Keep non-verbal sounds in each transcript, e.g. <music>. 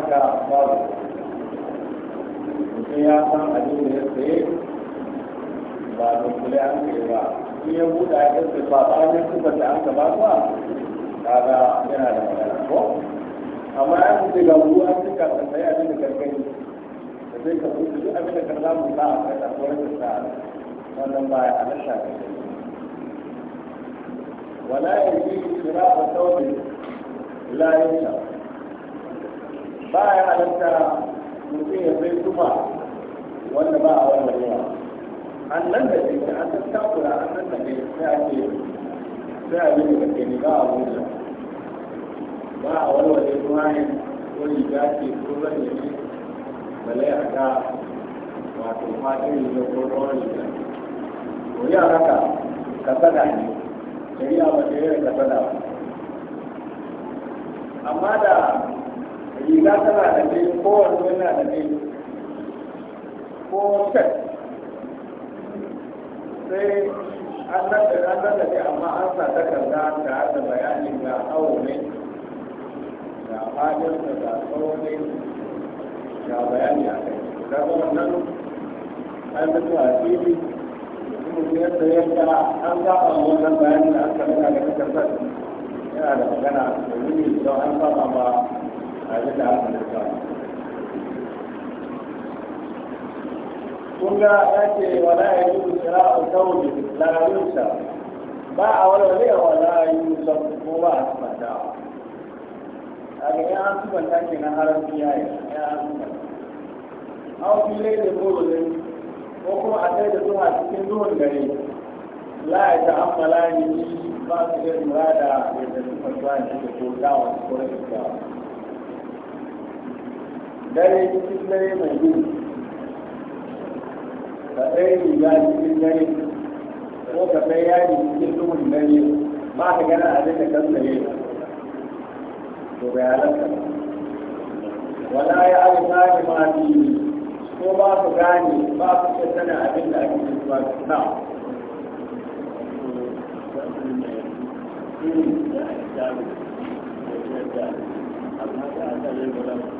haka babu mutum ya san abin da ya tsaye ba da kula an kai ba in ya buɗe a ƙarfe ba ba ne suka da an ka ba ba kaga yana da magana ko amma ya fi daga gabu an cika da sai abin da gargani da zai ka buɗe duk abin da ka mu ba a kai da kawai da sa wannan ba ya halatta ka ولا يجوز شراء ثوب لا يشرب ba ya halatta mutum ya zai tufa wanda ba a wannan yawa an nan da ke ta an takura an nan da ke sai a ake sai a yi da ke ne ba a wuce ba a walwale tuhanin ko riga ce ko zan yi bale a ka wato fatin na, ko tsawon riga ko yi a haka kasada ne shari'a ba ta yi da kasada ba amma da riga tana da kai kowanne yana da kai ko set sai an nan da an nan da kai amma an sa takarda ta hada bayanin ga awo ne ga fadin da ga tsawo ne ga bayani a kai kaga wannan an fito a fili mutum yadda yadda an zaɓa wannan bayanin da aka nuna da takardar yana da magana da wuni don an saba ba tare da amurka kun ga yake wala ya yi kira a kawai larabinsa ba a walwale wala yi musan ko ba a tumata a ga yan an ke na haramci ya yi yan an tumata an da gobe ko kuma a sai da zuwa cikin zuwan gare la ya ta'ammala ni ba su yi murada da da fasuwa ne da ko gawa ko rashin dare cikin dare mai gudu ka ɗaya riga cikin dare ko ka ɗaya yari cikin duhun dare ba ka gana abin da kan tsaye to ga yalanka wala ya alfa da ma ko ba ku gane ba ku ce sana abin da ake cikin ba su na Thank you.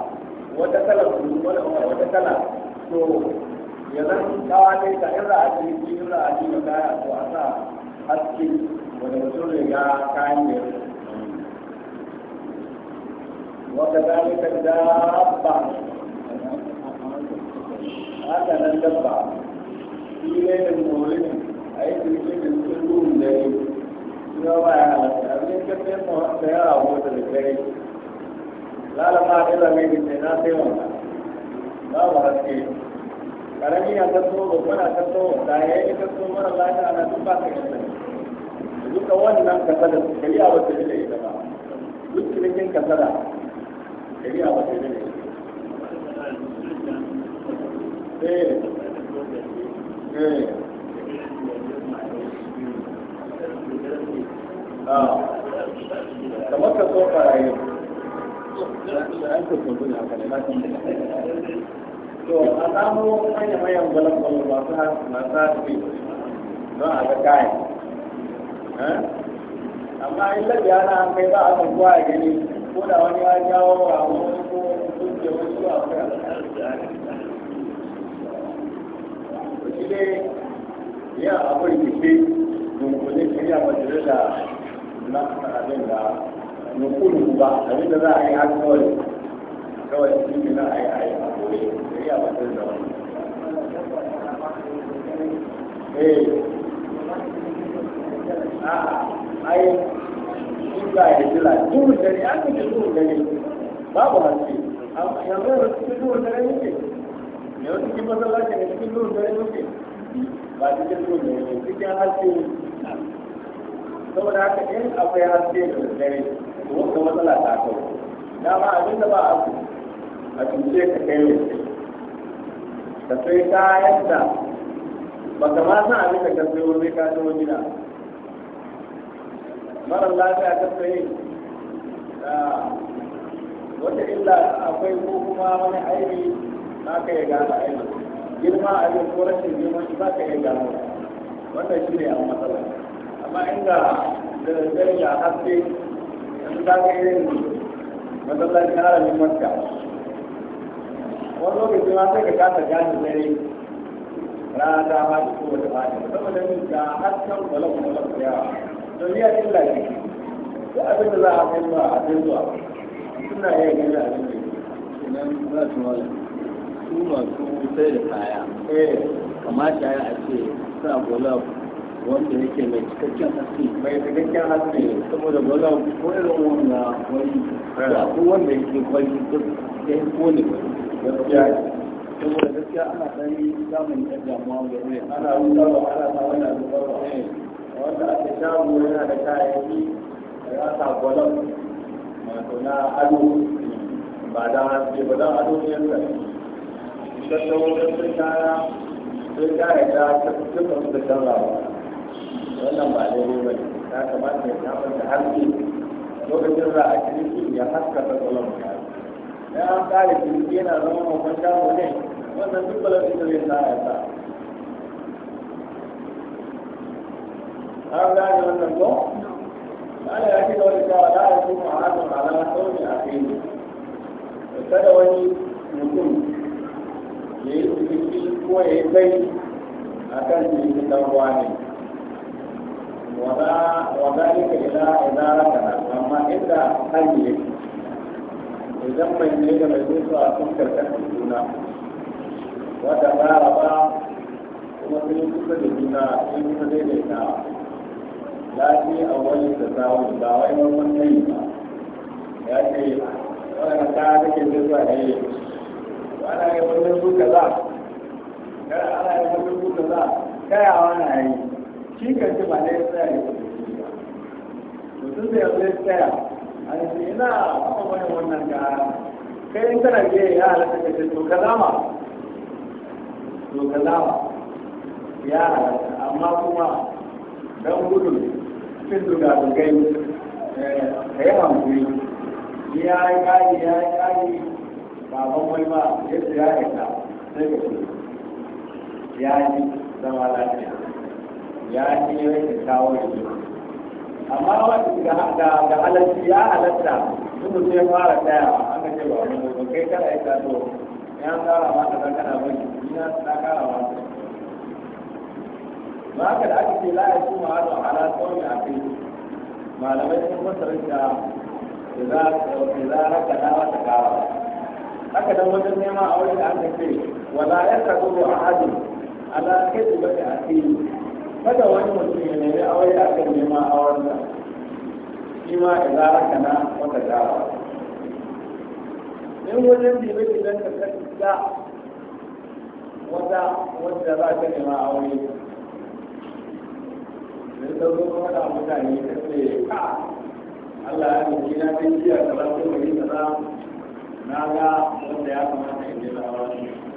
wata kala kudu wata kala to ya zan kawa ne ta a ce shi a ce ga kaya to a sa haske wanda mutum ne ga kayan ne wata A dabba haka nan dabba shi ne da morin a yi cikin da cikin duhun dare shi ba ya halatta abin da ya kafa da yawa wata da kai lalama ilimi da ke na sai wanda babu haske karami na kaso babban na kaso da ya yi kaso mara lafiya ana duk ba ka yi sani duka wannan kasada shari'a ba ta da ita ba duk cinikin kasada shari'a ba ta da ita eh eh ah kamar kaso farayi to a samu manya-manyan gwalagwalo masu masu haske don a ga kayan eh? amma in lafi ana an kai ba a san kowa gani ko da wani ya jawo wa wani ko wani zuwa kai shi ne yin abin da ke dunkule shirya na da nukulu ba abin da za a yi haka kawai kawai shi ne za a yi a yi a koyi sai ya batar da wani eh a ai shi ba ya jira duhun dare an kace duhun dare babu hanci yanzu yanzu cikin duhun dare muke yanzu cikin masallaci ne cikin duhun dare muke ba cikin duhun dare ne cikin hanci saboda haka in akwai hanci da dare to wata matsala ta kai dama abin da ba a su a cuce ka kai mai ne ka sai ta yadda. ba ka ma san abin da ka sai wani ka sai wani na marar lafiya ka sai ah, wata illa akwai ko kuma wani aibi ba ka yi gano aibi girma abin ko rashin girma shi ba ka yi gano wannan shi ne a matsala amma inda da daddare ya haske yanzu za ka sai ka kasa gane dare rana ba ta kowace saboda min ga hasken kwalam kwalam da yawa to ni a illa ne da abin da za a kai zuwa a kai zuwa suna iya gani a cikin nan za su wala su masu sai da kaya eh. kamata ya ce sa golf wanda yake mai cikakken haske mai cikakken haske saboda ba za ko irin wanda wani da ko wanda yake kwalli duk da ya kone gaskiya saboda gaskiya ana dan samun yan damuwa ga ne ana rubuta ana sa wani abu ba wanda ake samu yana da kayayyaki ya sa gwalam wato na ado ba da haske ba da ado ne yadda sassan wajen sun kaya sun kaya ta tattata su da canzawa wannan ba daidai ba ne ya kamata ya samar da haske lokacin za a kirki ya haskaka tsalon ya dan an kare kirki yana zama mafan shago ne wannan duk balabin da zai sa ya sa an gane wannan ko Allah ya ce da wani cewa za a yi kuma hakan ala sauni a kai ne kada wani mutum ya yi tsirki ko ya yi kai a kan jirgin ɗan ne وذلك إذا إذا ركنا أما إلا حي إذا ما يجب أن يجوز أن تكون وتبارك kuma sun yi kusa da juna sun yi kusa da ita ya ce a wani da samun ba wai wani wannan yi ba ya ce wani ta take da zuwa da yi yi wani zuwa da za ka za ka ya wani yi shi kan ci ba na ya ya kudu mutum da yanzu ya tsaya a yanzu ina kuma wani wannan ga kai in tana biye ya halatta ka ce to kalama to kalama ya halatta amma kuma dan gudun cin dugadugai eh, ka yi hankuri ya yi ƙari ya yi ƙari baban wani ba yadda ya aika sai ka ya yi zama lafiya ya ce rashin kawo shi amma wanda ga ga halarci ya halatta sun sai fara tsaya an ga ce ba wani ba kai kada ya ka to ya kara ma ka zaka na bari ina na kara ma ka ba ka da ake ce la ya kuma hada ala tsawon a kai malamai sun fasarar da za raka na wata kara haka dan wajen nema a wajen da aka ce wala ya ka zo a hadu ala kai da wata a kada wani mutum ya nemi aure da aka nema auren nan shi ma da za haka na wata dawa in wajen bibe idan ka kasa wata wadda za ta nema aure sai ta zo kuma da mutane ta ce ka Allah ya nufi na kai jiya kaza ko mai kaza na ga wanda ya kamata in je na auren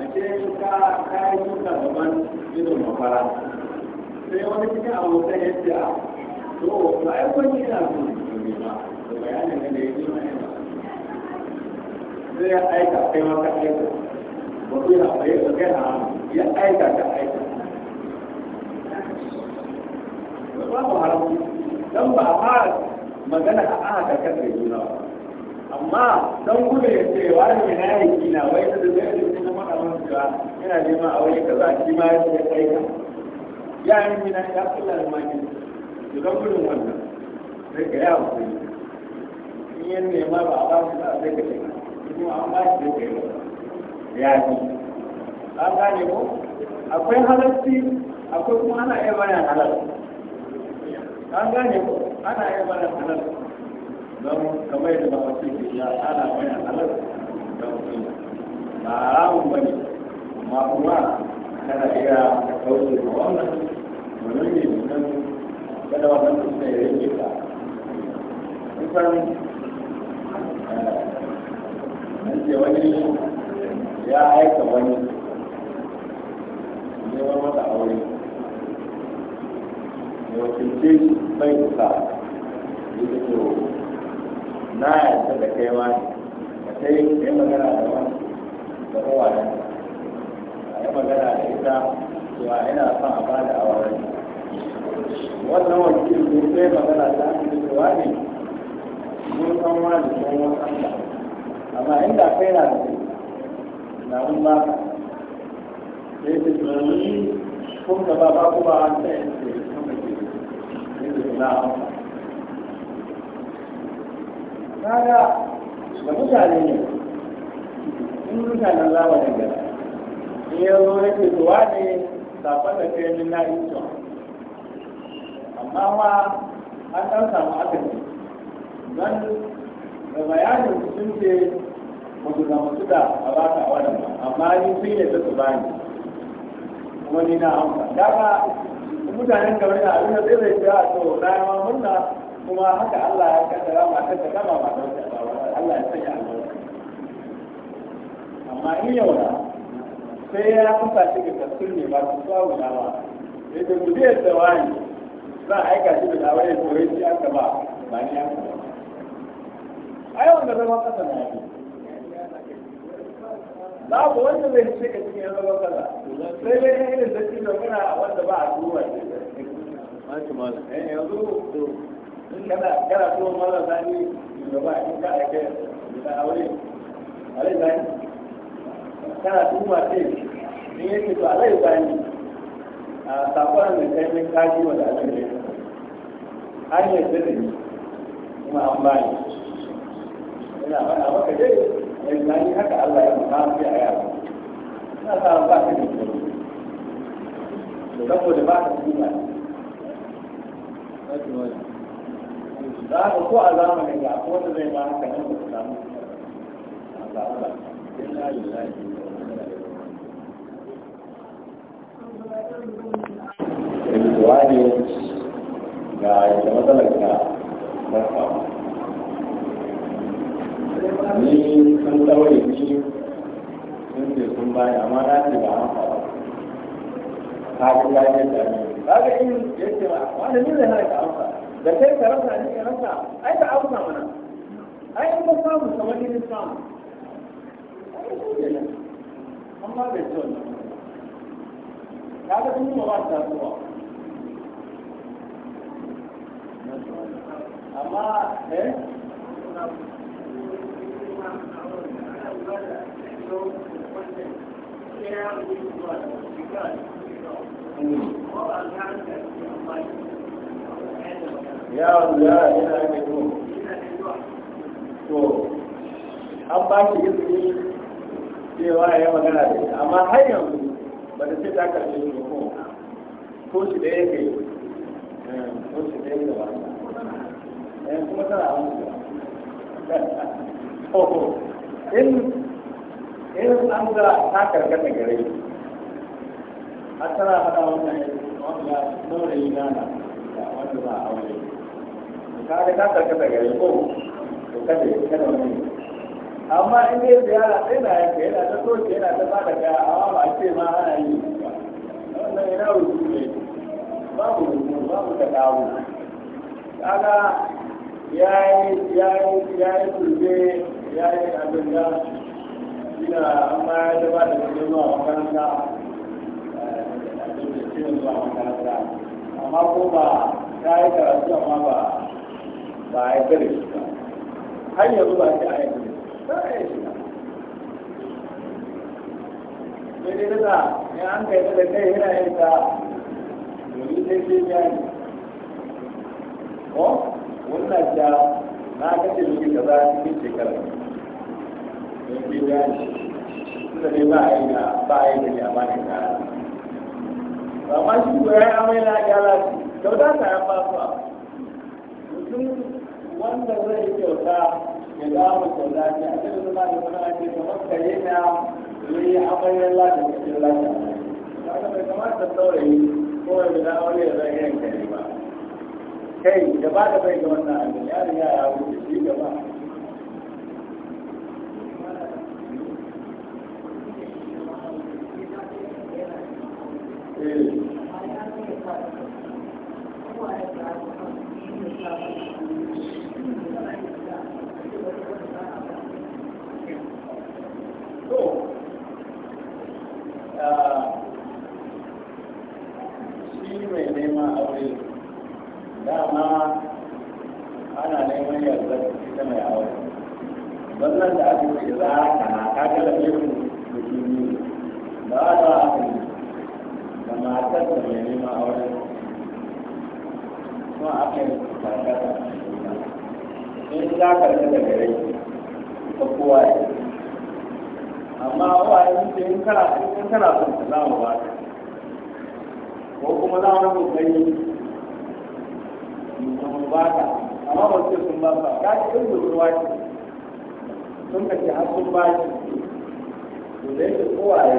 ashe ka kayi suka gaban gidan mafara sai wani cikin abokan ya ce to ba ai kwanci na su ne ba da bayanin da ya yi ba sai ya aika kai maka aika ba ku yana bai da kai na ya aika ka aika ba mu haramci dan ba a magana a aka kasance juna ba amma don kuma ya ce wa ne na yi kina wai da zai yi cikin mana mun cewa yana nema wani kaza shi ma ya ce kai ka ya yi mina ya kula da maki to don gudun wannan sai ka ya wuce in yin nema ba a ba su ba sai ka shiga kuma an ba shi sai ka yi ya ji an gane ko akwai halarci akwai kuma ana iya bayan halarci an gane ko ana iya bayan halarci don kamar da ba su ke ya ana mai halar da mutum ba haramun ba ne amma kuma kana iya kauce ma wannan domin ne mutum kada wannan mutum ya rage ka kusan eh, nan ce wani ya aika wani neman mata aure ya wakilce shi bai kusa ya ce na yadda da kai ma ka sai yi magana da wani da kowa da a yi magana da ita cewa yana son a bada awarai wannan wakil ne sai magana ta hannu da wani mun san wani ko mun da amma inda kai na da na mun ba sai ta tunanin? kun gaba ba ku ba an sai ce kun da ke na kaga da mutane ne in mutanen zamanin gaba in ya zo ya ce zuwa ne safon da kai na yi amma ma an ɗan samu akasi don da bayanin sun ce ba su zama su da a ba ka wannan ba amma ni sun yi da su bani kuma ni na amsa dama mutanen kamar na abin da zai zai a to na yawan murna kuma haka Allah ya kaddara matar ta kama matar ta Allah ya sanya albarka amma in yau na sai ya kusa shi ga tafsir ne ba su samu na ba sai da guje da wani za a aika shi da labarai ko rai shi aka ba ba ni aka ba a yawan da zama kasa na yi babu wanda zai ce ka cikin yan zama kasa sai dai irin da cikin da muna wanda ba a duba eh, yanzu kana kana so mara zani gaba in ka aike da aure alai zani kana duba ce in ce to alai zani a sakon da kai ne kaji wa da alai an yi da ni kuma an bani ina ka je dai yi zani haka Allah ya mutafi a yaro ina sa ba ka kuma, da saboda ba ka duba Thank za a ko a zamanin ga ko wanda zai ba haka nan ba su samu Ibtuwani ga yadda matsalar ka na Ni sun ɗaure ni sun ce sun bayi amma na ce ba an faru. Ka ga yadda ne. Ka ga in yadda ba, wani ne zai hana ka an da kai ka rasa ne ka rasa ai ka auka mana ai in ka samu kamar ni samu ai ko ne amma bai so ne kaga kun ba ta zuwa amma eh Yeah, ya wuya yana da yau to an ba shi izini cewa ya magana da ita amma har yanzu ba da ce ta karfe shi ko ko shi da ya kai eh, ko shi da ya gaba ɗayan eh, kuma tana amsa <laughs> in in an ga ta karkata gare a tana hada wannan wanda saurayi nana su a ka ga ta to kada ya kada wani amma in dai ziyara yana ta soke yana ta bada ba ce ma ana yi wannan yana rubutu ne babu rubutu babu ta kaga ya yi ya yi ya yi turbe ya yi abin da ina amma ya ba da kuma zuwa makaranta eh, a cikin zuwa makaranta amma ko ba ta yi karatu amma ba ba a yarda da shi ba har yanzu ba ta da ta yi a shi an kai da kai yana yin ta domin ya yi ko na kace cikin shekara ta yi ya yi tunda ba a yi ba a yi da amma shi ko ya yi kyauta ta ya fasuwa mutum wanda zai kyauta ya damu kyauta ce a cikin zama da kuma ake kamar kare na yi amaryar lata cikin lata kaga bai kamata saurayi ko ya guda wani ya zai yin kare ba kai gaba da bai ga wannan abin ya riga ya wuce shi gaba to da yake kowaye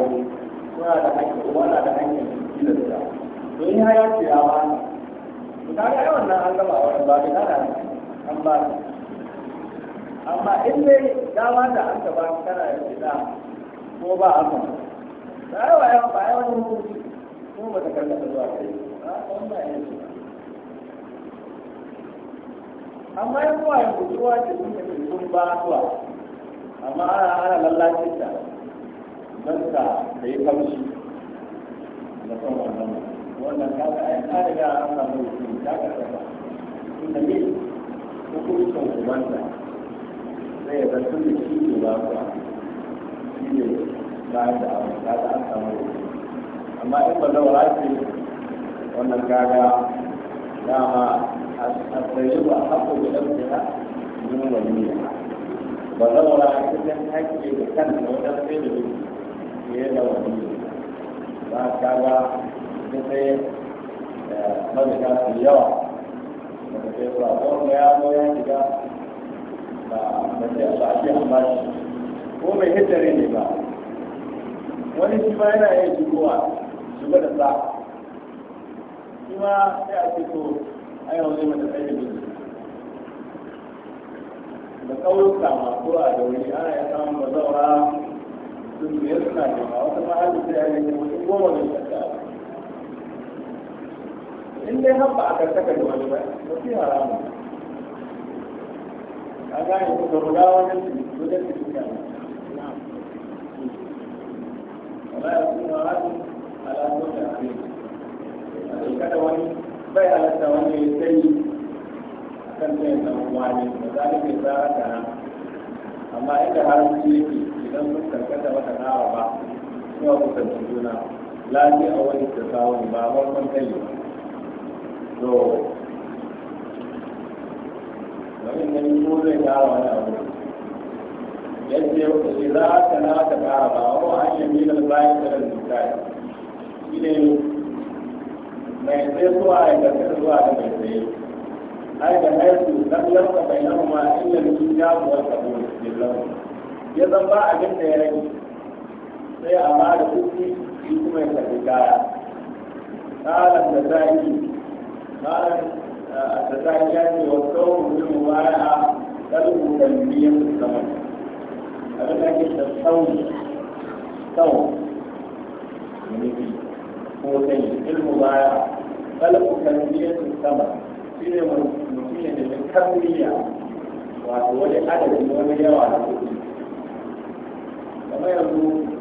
suna da hanyar wanda da hanyar tilasta to in har yanzu ya ba ni to kaga yawan nan an gaba wani ba da kana an ba amma in dai dama da an gaba kana yanzu da ko ba a kan da yawa yawan ba yawan hukunci ko ba ta kallata zuwa kai ba wannan yanzu amma yan kowaye budurwa ce sun tafi sun ba zuwa amma ana ana lallacin ta lantarka da yi kamshi da son wannan wannan kaga ai ka riga an samu ta ya karkata inda ne hukuncin kubanta zai yi zartun da shi ne ba ku shi ne ba da abu kaga an samu mutum amma in ba zaura ce wannan kaga dama a tsaye ba a haƙo da ɗauke ha yin wani ne ba zaura a cikin haƙe da kan da wajen sai da duk fiye da wani ba ka ga sai mazuka su yawa daga sai ba ko ya zo ya shiga ba ba sai su ake amma ko mai hitare ne ba wani shi ma yana yin shigowa shiga da sa shi ma sai a ce to a yau zai mata tsaye da da kawuka masu a da wuri ana ya samun mazaura mutum ba da wani maka nawa ba sai wa kuma kusanci juna lafi a wani ta samun ba farkon kai to wani ne ko zai kara wani abu yadda za a kana ta kara ba wa hanyar yi milar bayan da zukai shi ne mai tsaye zuwa ya gasar zuwa da mai tsaye ai da mai su bai yarsa bayanarwa inda mutum ya zuwa sabo da ya zan ba abin da ya rage sai a ba da kuɗi shi kuma ya karɓi kaya ƙalar da zaki ƙalar eh, da zaki ya ce wa kawo mutum baya a ɗalibin da biyan su sama abin da ake da tsauni tsawo nufi ko sai ilmu baya ɗalibin da biyan su sama shi ne mutum ya da kamiliya wato wani adadin wani yawa da kuɗi kamar yanzu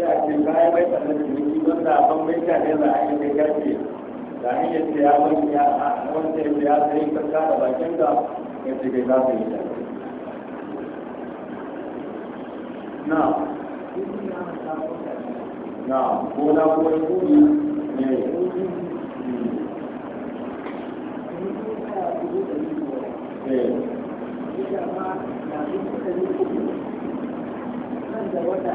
sai a ce bayan mai tsanin ciniki don da ban mai tsanin za a yi mai karfe da an yi ya ban ya a wanda ya ya sai ka kada bakin da ya ce bai za yi na na ko na ko kuri ne hmm. eh da wata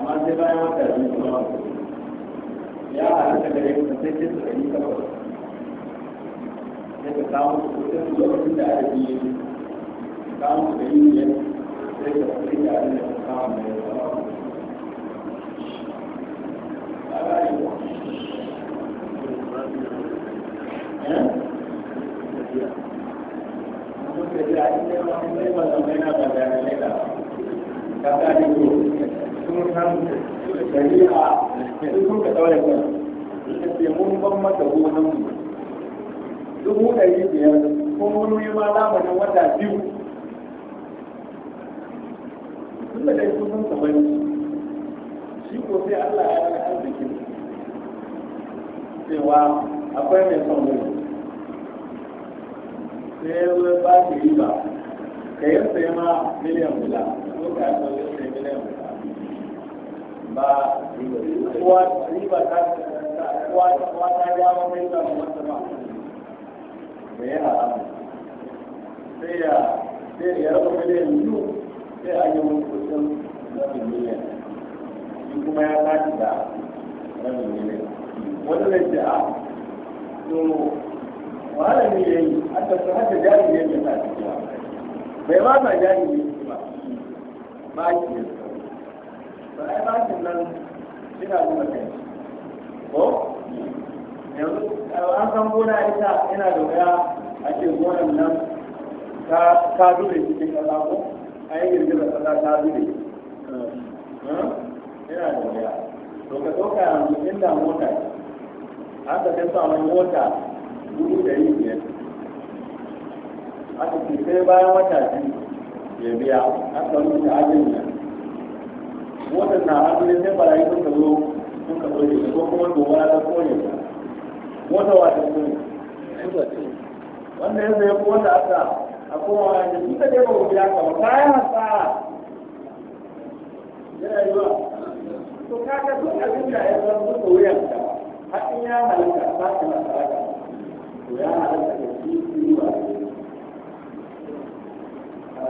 amma sai bayan wata biyu kuma ya halatta gare ka sai ce su ɗari takwas sai ka samu kusan lokacin da aka yi samu ɗari biyar sai ka sai ka abin da ka samu da ya samu Yeah. ka gane ko sun san shari'a sun sun ka tsawon kan ce mun ban mata gonan mu dubu ɗari biyar ko mun yi ma lamarin wata biyu Sun da dai sun san kamar shi ko sai Allah ya rana arzikin cewa akwai mai son mu sai ya zo ba shi riba ka yi ma miliyan guda ba kuwa riba ta kuwa ta jawo mai da wata ba da ya sai ya sai ya raba miliyan biyu sai a yi wani kusan rabin miliyan shi kuma ya tashi da rabin miliyan wani zai ce a ah, to wahala ne ya yi a tattara haka jari ne ya tashi bai ma ta jari ne baki ba ai bakin nan suna zuwa kai ko yanzu an san gona ita yana da wuya a ce gonan nan ta dure cikin kasa ko an yi girgizar kasa ta dure yana da wuya to ka ɗauka yanzu inda mota an ka kai samun mota dubu da yi biyar aka ce sai bayan wata biyu ya biya an samu da ajin nan waɗanda ne sai barayi suka zo suka ɗauke shi ko kuma gobara ta kone ta wata wata sun wanda ya zai wanda aka a kuma wani duka dai ba biya ka ba bayan hasara yana yi ba to kaga duk abin da ya zama duka wuyan ka ya halaka ba ka na to ya halaka da shi ba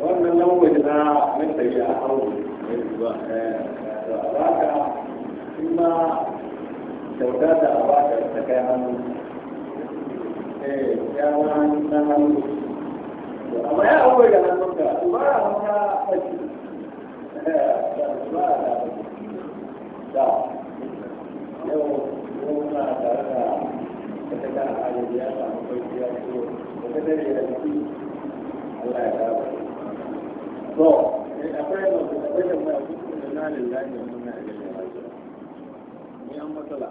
wannan language na na shari'a a hau da eh, abaka shi ma kyauta da abaka ta kai hannu eh yawa na hannu amma ya abuwa da hannun ka ba a hannun fashi eh, ba a da yau yau tare da ta kai da ya samu kwanciya ko ta dare da jiki Allah ya gaba to akwai akwai da mai da na da da ni an matsala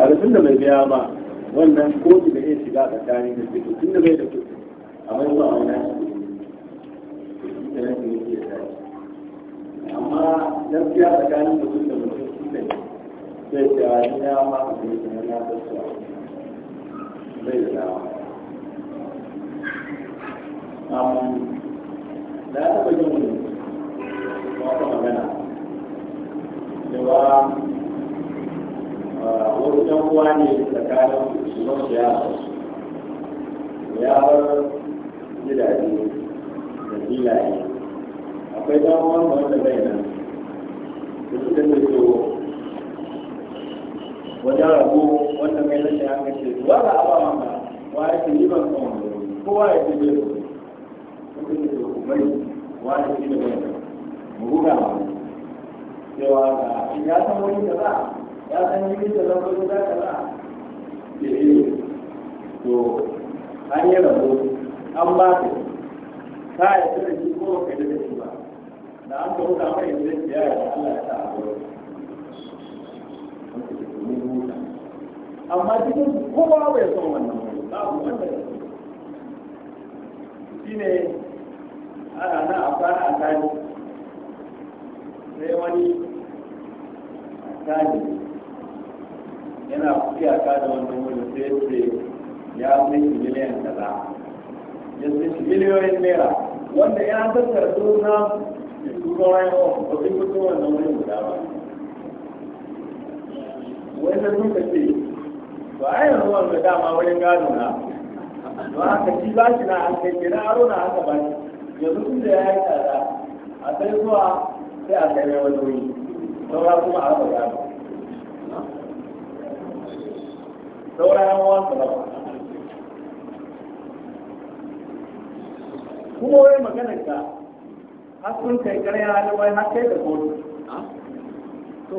a rufin da biya ba wannan kotu da ya shiga tsakanin da suke tun da bai da kuɗi a mai ba a wani amma gaskiya tsakanin mutum da mutum shi ne sai ta yi na masu da ya na gaskiya zai dawo na ah, ne tsakanin shugaban siyasa ya bar da akwai ɗan wanda bai nan da suka ce wajen rago wanda mai rashin haka ce zuwa da awa maka wa ya ce liban kan kowa ya ce bai rufe kuma ya ce kumai wa ya ce da bai mu ruga ma cewa ga ya san wani da za ya san yi da zan zo da ka za ke yi to an yi rago an ba ka ta yi ce da shi ko ka yi da shi ba da an ka ruga mai zai ya yi Allah ya ta a musulmi huta amma cikin kowa bai son wannan babu wanda ya shi ne ana na a fara a tashi sai wani a tashi yana a da wannan wani sai ce ya fi miliyan kaza ya fi miliyoyin naira wanda ya tattara suna da shugaban yawon ba zai fito wannan wani guda ba wanda sun ka ce ba a yanzu wanda dama wani gado na ba ka shi ba shi na an kai kira aro na haka ba shi yanzu tun da ya yi tsada a sai zuwa sai a kai mai wani wuri saura kuma a raba gado saura yan wanda ba kuma wai maganar ka har sun kai karya halin wai har kai da kotu ah? to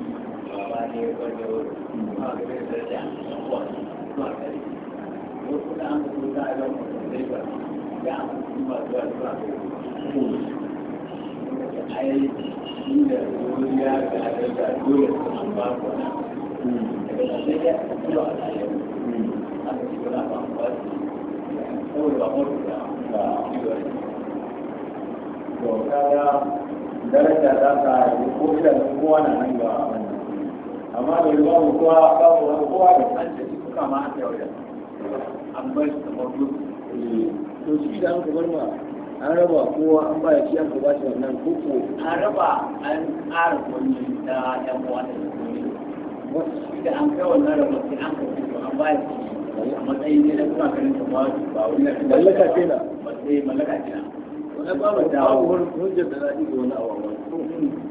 to kaga daraja za ta yi ko da kowa na nan ga wannan amma da ruwa mutuwa babu wani kowa da an tafi kuka ma an yau da an bar shi kamar duk eh, to shi da an kamar ma an raba kowa an ba shi an ba shi wannan koko an raba an ƙara kuɗi da ɗan uwa da kuɗi wasu da an kai wannan raba sai an kai an ba shi a matsayin ne da kuma ganin kamar ba wani mallaka kenan matsayin mallaka kenan wani babu da wani hujjar da za a iya wani awa wani mm.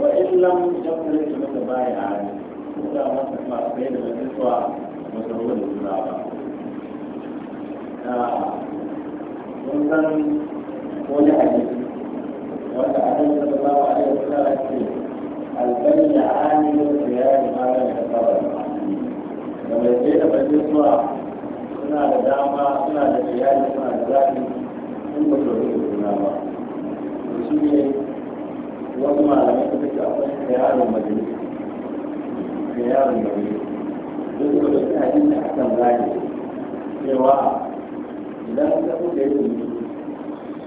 وإن لم يكن ليس متبايعا ولا مسمع بين النسوة مسؤول الإسلام ومن قول حديث وأن النبي صلى الله عليه وسلم البيع عامل الخيار ما لم يتطور لما يجيء بالنسوة suna da dama suna da iyali suna da zafi sun ba su da suna ba shi ne sawa idan ka kuka yi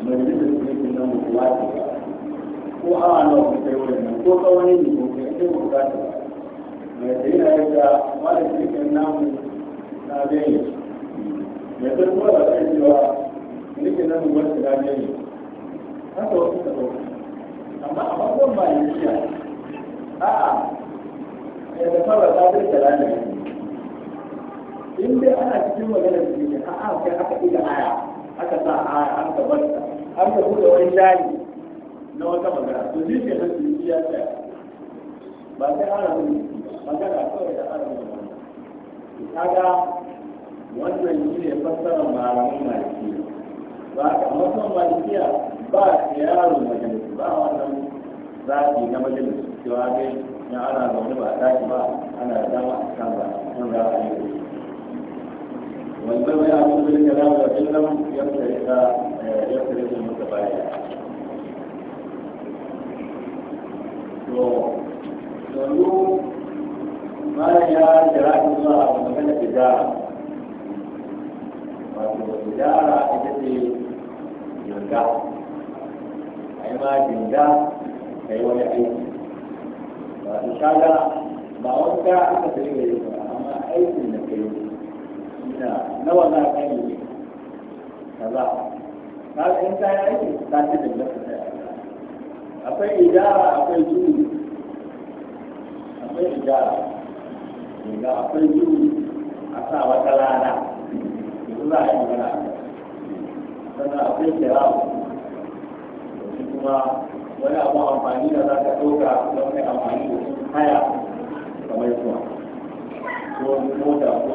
majalisar cikin nan mutuwa ce ko awa nawa ku kai wurin nan ko kawai ne ko kai ake bukata mai tsaye na yadda wani cikin namu na gani ya tsaye kuma da kai cewa nake nan mu wasu na gani haka wasu ta ɗauka amma a farkon ba ne a'a yadda fara ta kai da lalata in dai ana cikin magana da ne a a kai aka ɗiga aya aka sa aya an ka bar an ka buɗe wani jari na wata magana to shi ke nan su ya tsaya ba sai ana mun magana kawai da ana mun kaga wannan shi ne fassara malamin malikiya ba ka masan malikiya ba yaro majalisi ba wannan zaɓi na majalisi cewa dai na ana zaune ba a tashi ba ana dama a kan ba kan za a yi والسمع يعقوب الكلام وسلم يفترق يفترق المتبايع yanzu bayan ya kira zuwa a magana tijara wato tijara ita ce jirga a yi ma jirga ka yi wani aiki wato shaga ba wata aka fi yi amma aikin da ka yi nawa za ka yi kaza kaga in ka yi aiki ta ci da lafiya akwai ijara akwai juri akwai ijara ga akwai juri a sa wata rana yanzu za a yi magana sannan akwai kirawo shi kuma wani abu amfani da za ka ɗauka don kai amfani da haya kamar kuma ko mota ko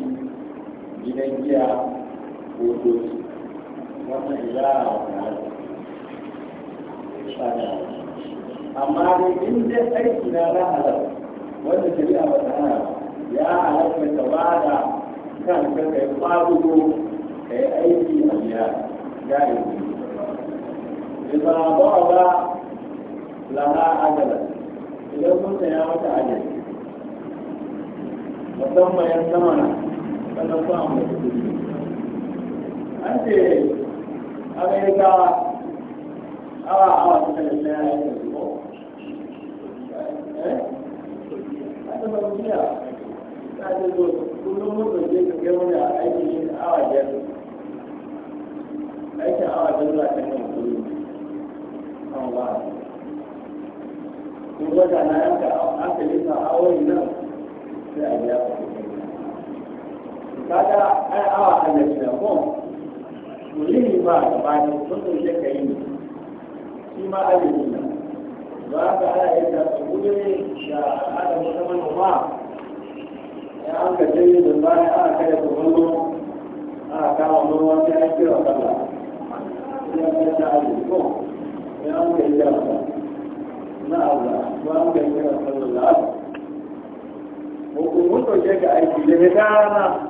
gidan giya ko doki wannan ya yara na amma ne in dai aiki na na halar wanda shari'a ba ta hana ya halarta ta ba da kan ka kai kwadugo ka yi aiki a gida. biya gari Ibrahim ba ba laha adalar idan kun ya mata ajiyar musamman yan na. sannan kuma mai kuɗi an ce amerika awa a ta da ya yi ko eh a ta bambiya ta ce zo kullum mutum zai ka kai wani a yin awa biyar aikin awa biyar za ta kai kullum an ba kuma wata na yanka aka yi sa awon nan sai a biya kuɗi kada ai awa Allah shi da ko mulini ba ba ne kullum ya kai ne shi ma azumi ne ba ka ana yin da gudu da ana musamman ma ya an ka ce da bayan ana kai da kumallo ana kama ruwa sai an kira sallah ya ta da azumi ko ya an ka yi da na Allah ba an ka yi da sallah ko kun to ke ka aiki ne ya na.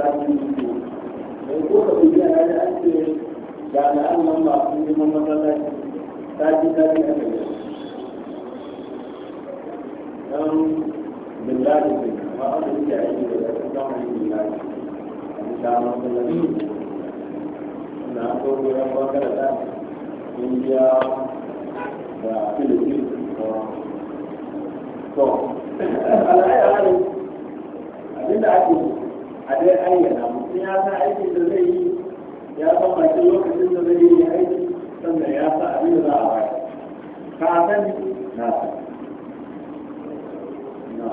zafin mutu sai ko ka kuji a yi ake ga al'an nan ba sun yi mamman masallaci sati sati a kai dan billahi ne amma wanda yake aiki da zafin zamani billahi a bisa masallaci na kogoron makarata indiya da filifin to al'ayyar abinda ake a dai ayyana mutum ya san aikin da zai yi ya san bakin lokacin da zai yi aiki sannan ya san abin da za a bayar ka sani na sani na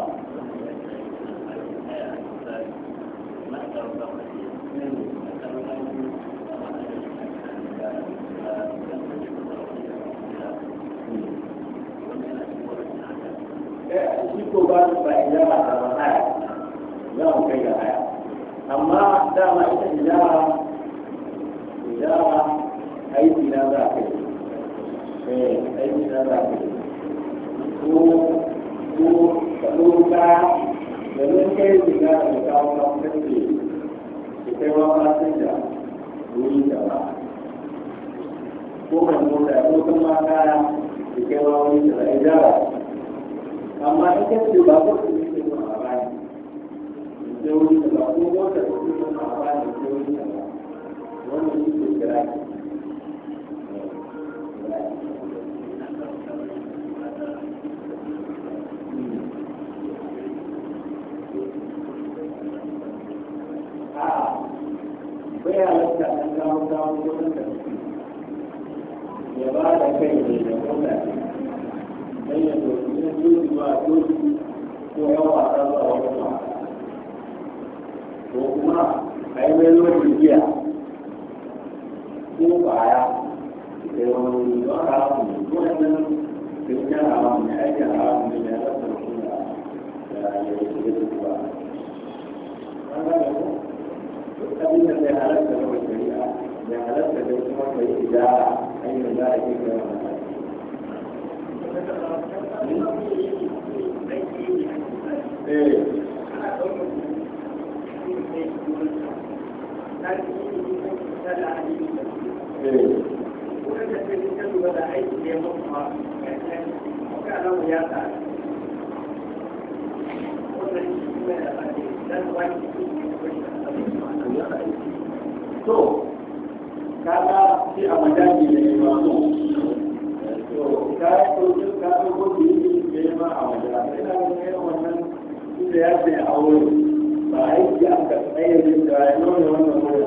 to kaga shi a madani da ya ba to ka yi ka yi kudi da ya ba a madani da ya ba wannan da ya ce a wurin ba aiki aka tsaye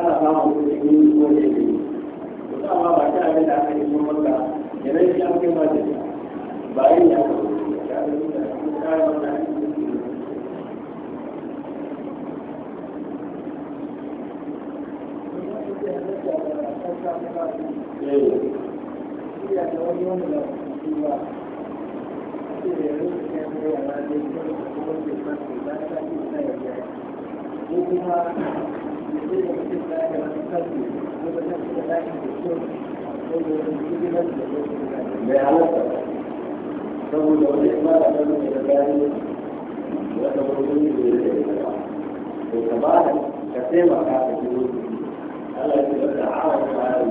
ana samun kuɗin yin ko da yake ba ta da aka yi sun maka da rai shi an kai ma da ba ya ya yi da kayan wannan Thank you. mai halatta saboda wani ma da kan da gani wata mutum ne da ya da to ka ba ka taimaka ka ji Allah ya da hawa ka da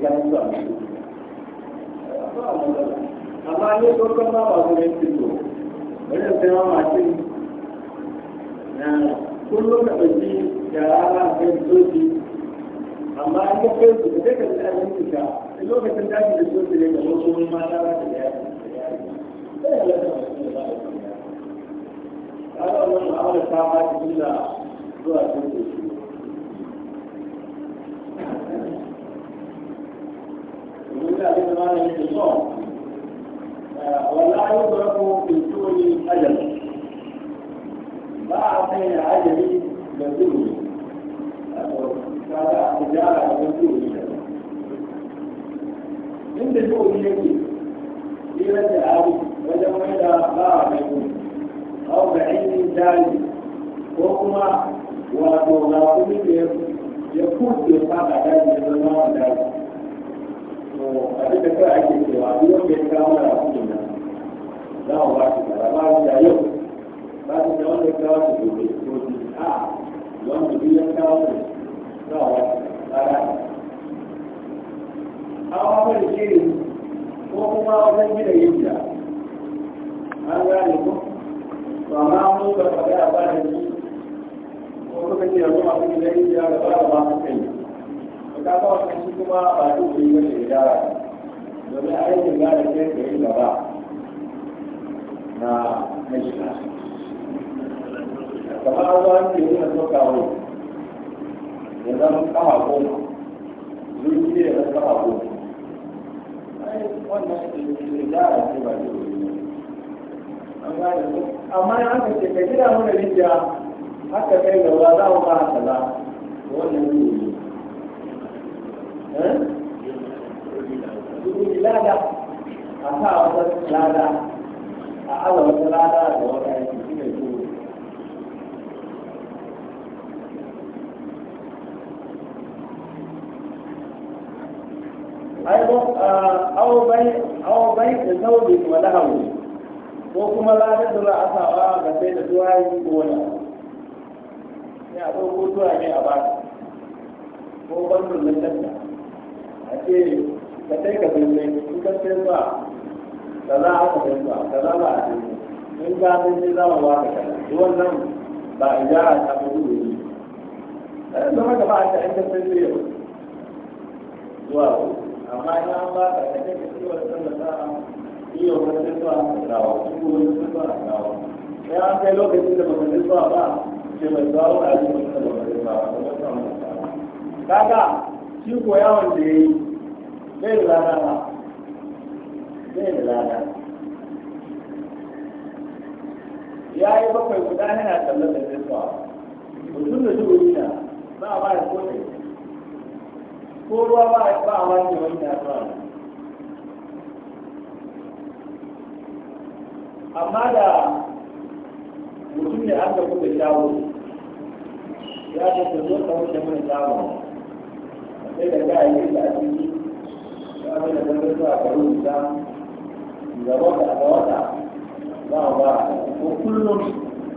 kayan zuwa amma ne ɗaukar ma ba su yanki to wajen sai ma mashin na kullum da ɗauki da rana kai zoji amma an kai su da kai ka ji a yanki ka lokacin daji da zoji ne da wasu mata za ta yaya sai ya lalata masu da ba a yi A ba ta zuwa zoji bisa abin da malam yake so wallahi yau da ku bin tuni ajal ba a kai da ajali da tuni wato kaga tijara da tuni inda tuni yake tsira da abu wajen mai da ba a mai tuni au ga ainihin jari ko kuma wato ga kuma ya kuce fada daji da zama daji abin da kawai ake cewa duk wanda ya kawo mana kuɗin nan za mu ba shi kaza ba da yau ba shi da wanda ya kawo shi gobe to shi a wanda duk ya kawo shi za mu ba shi kaza hawa mai shirin ko kuma wajen gina yin an gane ko to amma mun ba faɗa ba da shi ko kuma ce yanzu masu gina yin da ba da ba su kai ka ga wannan shi kuma ba duk da yi ne da domin aikin ga da kai kai gaba na na kamar an zo an yi na soka wai ya zama kafa goma zuci ya zama kafa goma da da yi amma ya haka ce ka gida mana rijiya haka kai gaba za mu ba kaza wannan zuci lada a sa wata lada a aza wata lada da wata aiki shi ne ko au bai da saudi wa lahawu ko kuma lada da za a sawa ga sai da tuwayi ko wani ya ko tuwa ne a ba ko bandun lantarki a ce ka sai ka bimbe in ka sai ba da za a ka bimba da za ba a bimbe in ka bimbe za mu ba ka kaza duwan nan ba a ta fi gudu ne kada zama a ta in ka sai zai zuwa amma ina ba ka kai ka wannan da sallata iyo ka sai zuwa a kawo ko wani sai zuwa a sai an kai lokacin da ba sai ba ke mai zuwa a yi wani da baka sai ba ka kaga shi ko yawon da yi zai da lada ba zai da lada ya yi bakwai guda yana tsallar da zai tsawa mutum da zuwa na ba a ba ya kodai ko ruwa ba a ba a wani wani na tsawa amma da mutum ne an da kuka shawo ya ce ta zo ta wuce mana shawo sai da ga yi da a cikin abin da kan zuwa ga rubuta da wata ga wata za a ba ko kullum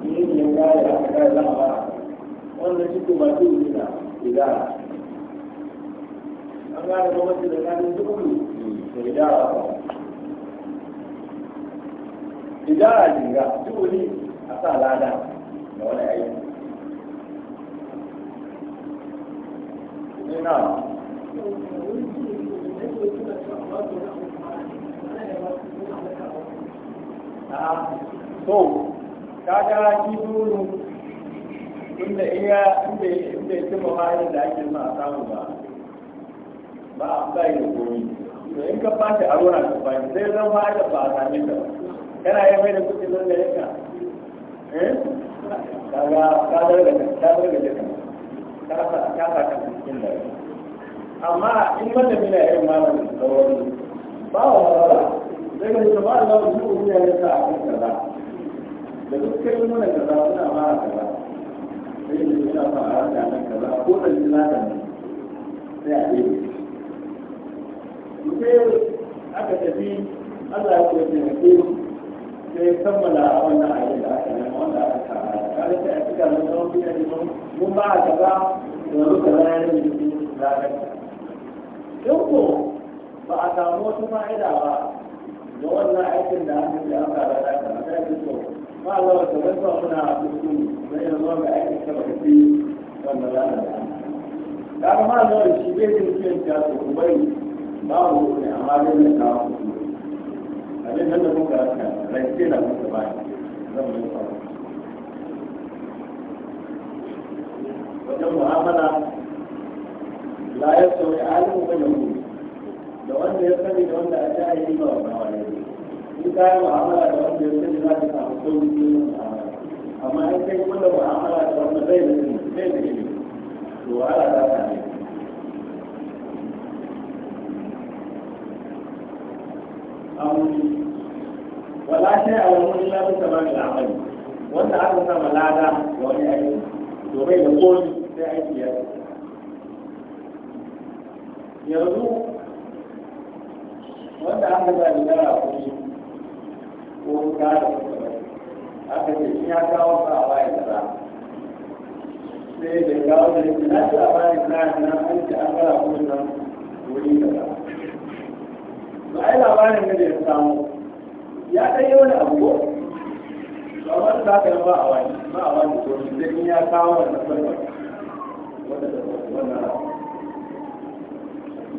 yin yin kaya aka kaya za a ba wannan shi ko ba su yi na idara an gane gwamnati da kanin dukkan da ba idara jinga duk a sa lada da wani aiki ne you. to kaga shi dole inda iya inda inda yake muhalin da ake ma a samu ba ba a bai da to in ka fashi a ruwan ka fashi sai zan ba da ba a same kana yi mai da kuɗi zan da yanka kaga ka da eh? ka ka ka ka cikin da amma in mata bila irin malamin da wani ba wa wala zai ga shi ba Allah ku ku ya yi ta akan kaza da duk kai mun da kaza suna ma a kaza sai ne ya fa a ran da kaza ko da jina da sai a yi sai aka tafi Allah ya ce ne ke sai kammala wannan ayyuka da aka nan wanda aka kara kada sai a cika da sauki da mun ba a kaza da kaza ya yi da in ba a samu wata fa'ida ba da wannan aikin da an yi aka da ta ta ta yi so ba Allah wata wata kuna kuskuri na yin zuwa ga aikin ta ba fi wanda za ta da ta ma da shi bai jin kiyan ta su kubai ba mu ne amma ne ta ku abin nan da muka rasa rance da ba zan yi wajen mu'amala لا يستوي عالم بينهم لو أن يستوي لو أن أتى إلى إن كان معاملة لو أن يستوي لا تفهم سوي أما إن كان كل معاملة لو أن بين بين وعلى ذلك ولا شيء على المؤمن إلا بسبب العمل وأنت عارف لا ولادة وأن يعيش وبين القول سيعيش يده yanzu wanda aka ba da dara kuɗi ko ta da aka ce shi ya kawo ka a bayan kaza sai da kawo da yake na ta bayan kaza na an ce an gara kuɗin nan wuri kaza ba ai labarin da ya samu ya ɗan yi wani abu ba wani za ka ba a wani ba a wani to sai in ya kawo wannan wannan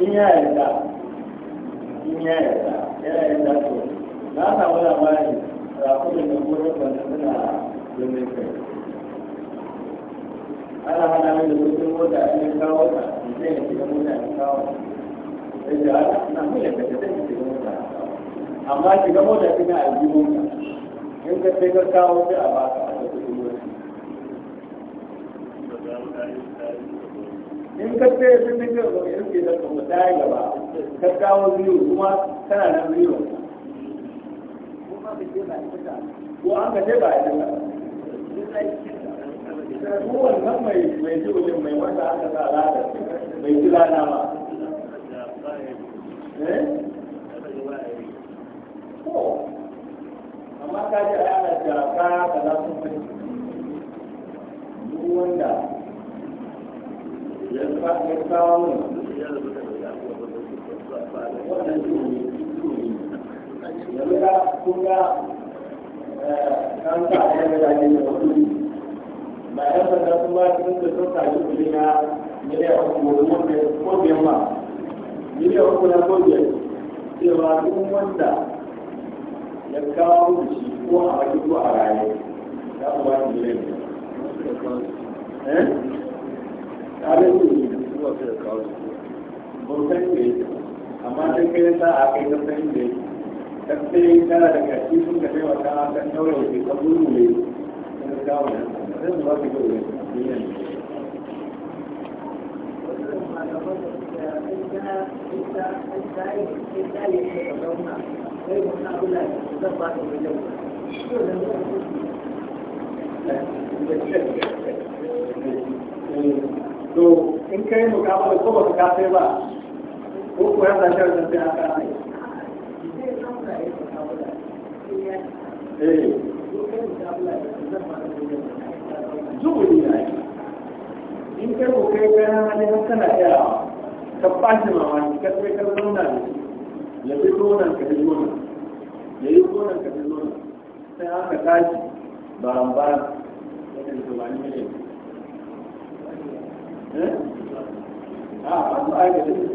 in ya yarda in ya yarda yana to na samu labari rakunan da suna kai ana hana min da mutum mota a cikin kawo ta in zai yi shiga mota a kawo sai da na ta zai shiga mota amma mota a jibinka in ka sai ka kawo ta a baka in ka ce sun dinga ba ya rufe da kuma ta yi gaba ka kawo biyu kuma tana nan biyu ko an ka ce ba ya dinga ko wannan mai mai ji wajen mai wanda aka sa rada mai ji rana ma Ko eh? amma ka ji ana jaka ka za su fi wanda ya kawo wannan ya da wani ba ya ya ko a wajen eh amma kai sa a kai ka san da kafin kana daga cikin ka sai wata kan daure ke ka buru ne kan ga wannan sai mu ba ka ga wannan Thank you. to in ka yi mukamala ko ba ka kafe ba ko kuwa yana shan wajen sai haka ne zuwuri eh. na yi in kai ko kai kai na hali har kana iya ka bashi mamaki ka sai ka zauna ne ya fi zonan ka fi zonan ya yi zonan ka fi zonan sai haka tashi ba ba ya kan tubani ne a masu agajin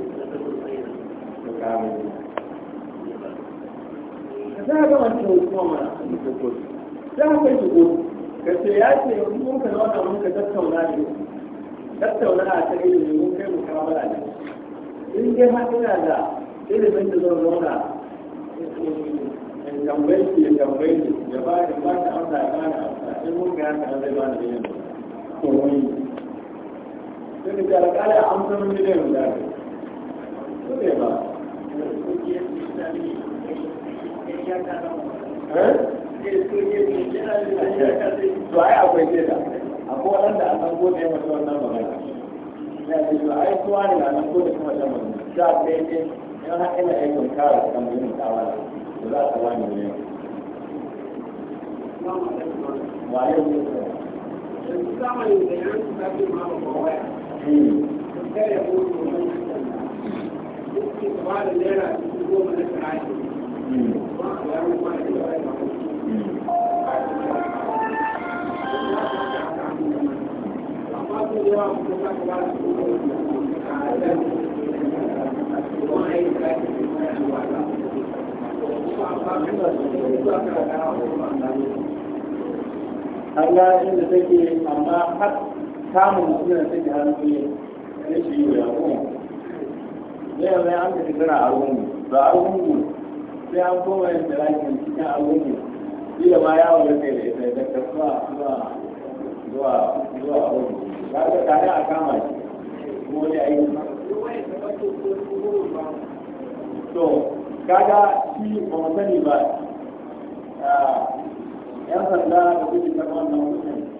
da kame za a mana a kai shigo ka ce ya ce mun ka zauna mun ka tattauna ne tattauna a ta ilimin mun kai mukamala ne in dai har ina da ilimin da zan zauna in tambayi ki in tambayi ki ya ba ki ba ta amsa ya ba ni amsa in mun ka ya zai ba ni ilimin sai da jara kaya an san miliyan da ne su ne ba eh? to ai akwai jeda akwai waɗanda a san gode masa wannan magana ya ce to ai kowa ne na nan gode kuma da mutum za a kai ne yan haƙi na aikin kara kan yin kawara to za a kawo ne ne wayo ne yanzu zamanin da yanzu zafi ma ba waya Allah inda take amma har Kamun mutum da take hannu ne ne shi yi ya kuma ne yanzu an ka tafi na arhungu da arhungu sai an koma yin da lakin cikin arhungu shi da ma yawon da kai da ita da ta zuwa zuwa zuwa zuwa arhungu ya ga tare a kama shi kuma wani aiki to kaga shi ba mu sani ba yan sanda da suke karɓar wannan mutum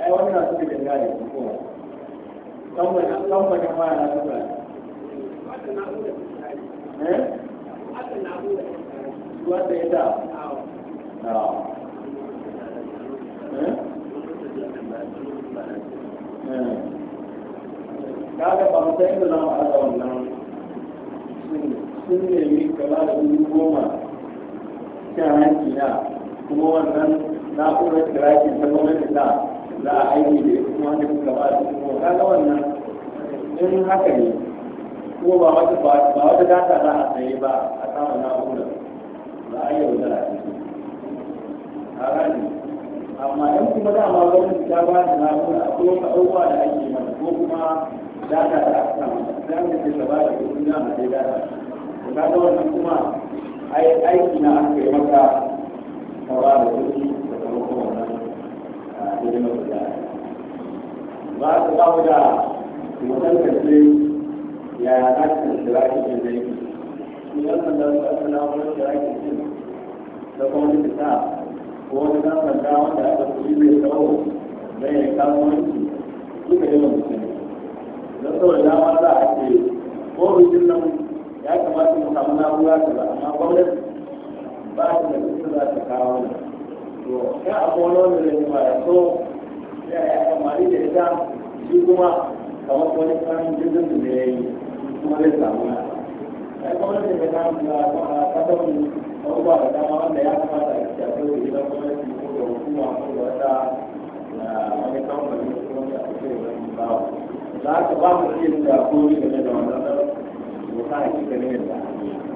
ai wannan suka ganga ne kuma kamfani ma na suka eh wanda ya da ah. eh? eh. kaga ba mu san inda za mu wannan sun nemi kama da dubu goma cin hanci na kuma wannan na'urar kirakin ta gwamnati na za a aiki da ya kuma wanda kuka ba a cikin kuma kaga wannan in haka ne ko ba wata ba wata data za a saye ba a samu na'ura ba a yi wajen a a gani amma in kuma ma gwamnati ta ba da na'ura akwai wasu abubuwa da ake mana ko kuma data da aka samu za mu ce ta ba da kuɗin da mu sai data kaga wannan kuma aiki na aka yi maka tawa da kuɗi wajen mafiya ba su ba da wajen ya shira shi na wajen shira cikin da kuma wani fita ko wani dan sanda wanda aka kuri mai tsawo zai ya kawo wani duka yi mutum don saboda dama za a ce ko rujin nan ya kamata mu samu na'ura kaza amma gwamnati ba su da kusa za ta kawo wani to ga abuwan wanda da ba ya so ya yi amfani da ita shi kuma kamar wani tsarin jirgin da ya yi kuma zai samu na ya yi gwamnati da ta kasafin abubuwa da dama wanda ya kamata a cikin akwai da gidan gwamnati ko da hukuma ko da wata wani kamfani ko wani a cikin wani bawa za ka ba mu iya da kuri game da wannan tsaro mu hakika ne da hanyoyi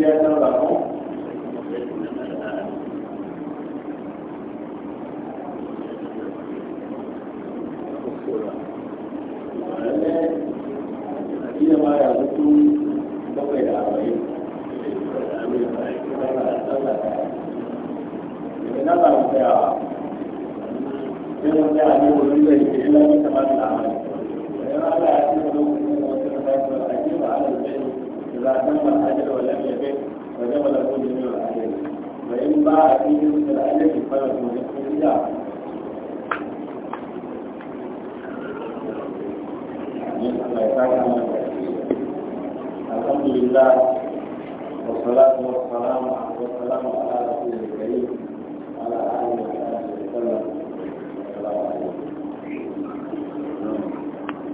ya san ba